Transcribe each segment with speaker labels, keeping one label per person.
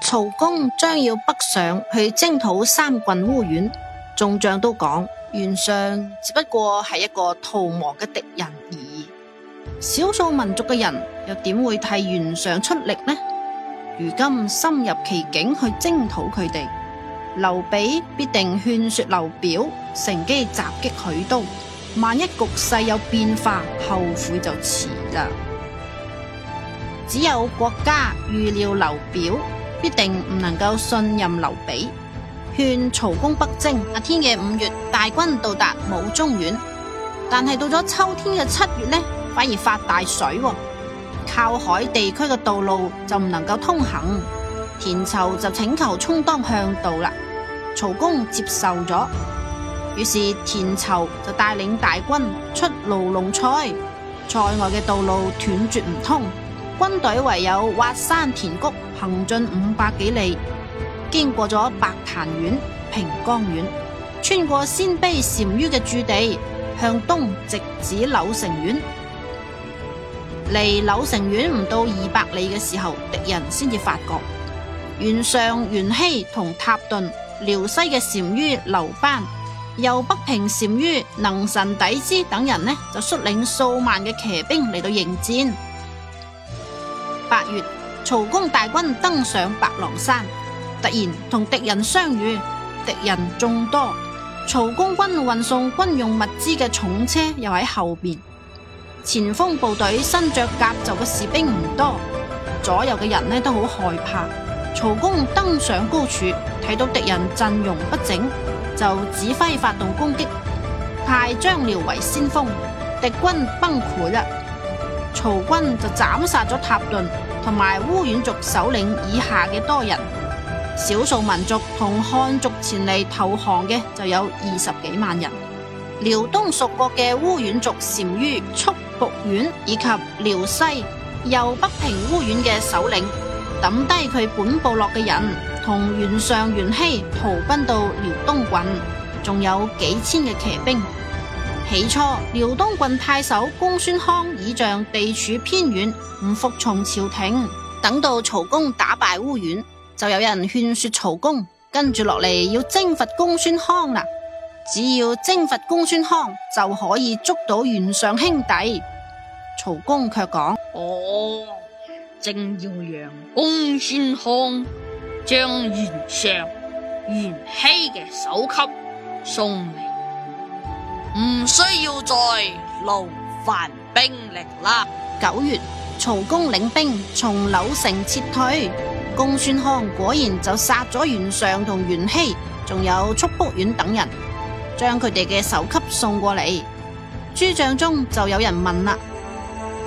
Speaker 1: 曹公將要北上去征討三郡烏丸。眾將都講，袁尚只不過係一個逃亡嘅敵人而已，少數民族嘅人又點會替袁尚出力呢？如今深入其境去征討佢哋，劉備必定勸說劉表，乘機襲擊許都。萬一局勢有變化，後悔就遲啦。只有郭嘉預料劉表。必定唔能夠信任劉備，勸曹公北征。阿天嘅五月，大軍到達無終縣，但係到咗秋天嘅七月呢，反而發大水喎。靠海地區嘅道路就唔能夠通行，田疇就請求充當向導啦。曹公接受咗，於是田疇就帶領大軍出盧龍塞，塞外嘅道路斷絕唔通，軍隊唯有挖山填谷。行進五百幾里，經過咗白潭縣、平江縣，穿過鮮卑單于嘅駐地，向東直指柳城縣。離柳城縣唔到二百里嘅時候，敵人先至發覺。袁尚、袁熙同塔頓、遼西嘅單于劉班，右北平單于能臣抵之等人呢，就率領數萬嘅騎兵嚟到迎戰。八月。曹公大軍登上白狼山，突然同敵人相遇，敵人眾多。曹公軍運送軍用物資嘅重車又喺後邊，前鋒部隊身着甲袖嘅士兵唔多，左右嘅人呢都好害怕。曹公登上高處，睇到敵人陣容不整，就指揮發動攻擊，派張遼為先鋒，敵軍崩潰啦。曹軍就斬殺咗塔頓。同埋烏丸族首領以下嘅多人，少數民族同漢族前嚟投降嘅就有二十幾萬人。遼東屬國嘅烏丸族束遠、單于、速僕丸以及遼西右北平烏丸嘅首領抌低佢本部落嘅人，同袁尚、袁熙逃奔到遼東郡，仲有幾千嘅騎兵。起初，遼東郡太守公孫康倚仗地處偏遠，唔服從朝廷。等到曹公打敗烏丸，就有人勸說曹公，跟住落嚟要征伐公孫康啦。只要征伐公孫康，就可以捉到袁尚兄弟。曹公卻講：
Speaker 2: 哦，我正要讓公孫康將袁尚、袁熙嘅首級送嚟。唔需要再勞煩兵力啦。
Speaker 1: 九月，曹公領兵從柳城撤退，公孫康果然就殺咗袁尚同袁熙，仲有速僕丸等人，將佢哋嘅首級送過嚟。諸將中就有人問啦：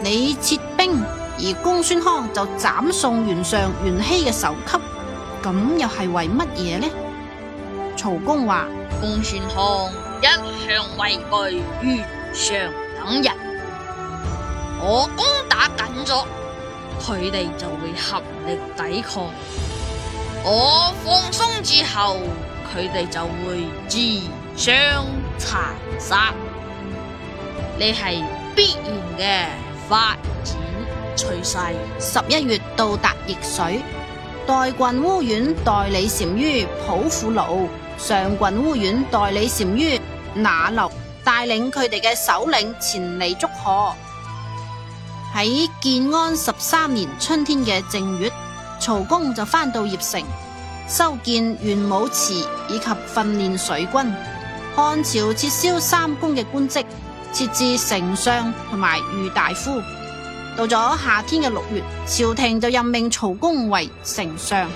Speaker 1: 你撤兵，而公孫康就斬送袁尚、袁熙嘅首級，咁又係為乜嘢呢？曹公話：公孫康。
Speaker 2: 一向畏懼袁尚等人，我攻打緊咗，佢哋就會合力抵抗；我放鬆之後，佢哋就會自相殘殺。
Speaker 1: 呢係必然嘅發展趨勢。十一月到達易水。代郡烏丸代理單于普富盧、上郡烏丸代理單于那樓帶領佢哋嘅首領前嚟祝賀。喺建安十三年春天嘅正月，曹公就翻到鄴城，修建玄武池以及訓練水軍。漢朝撤銷三公嘅官職，設置丞相同埋御大夫。到咗夏天嘅六月，朝廷就任命曹公為丞相。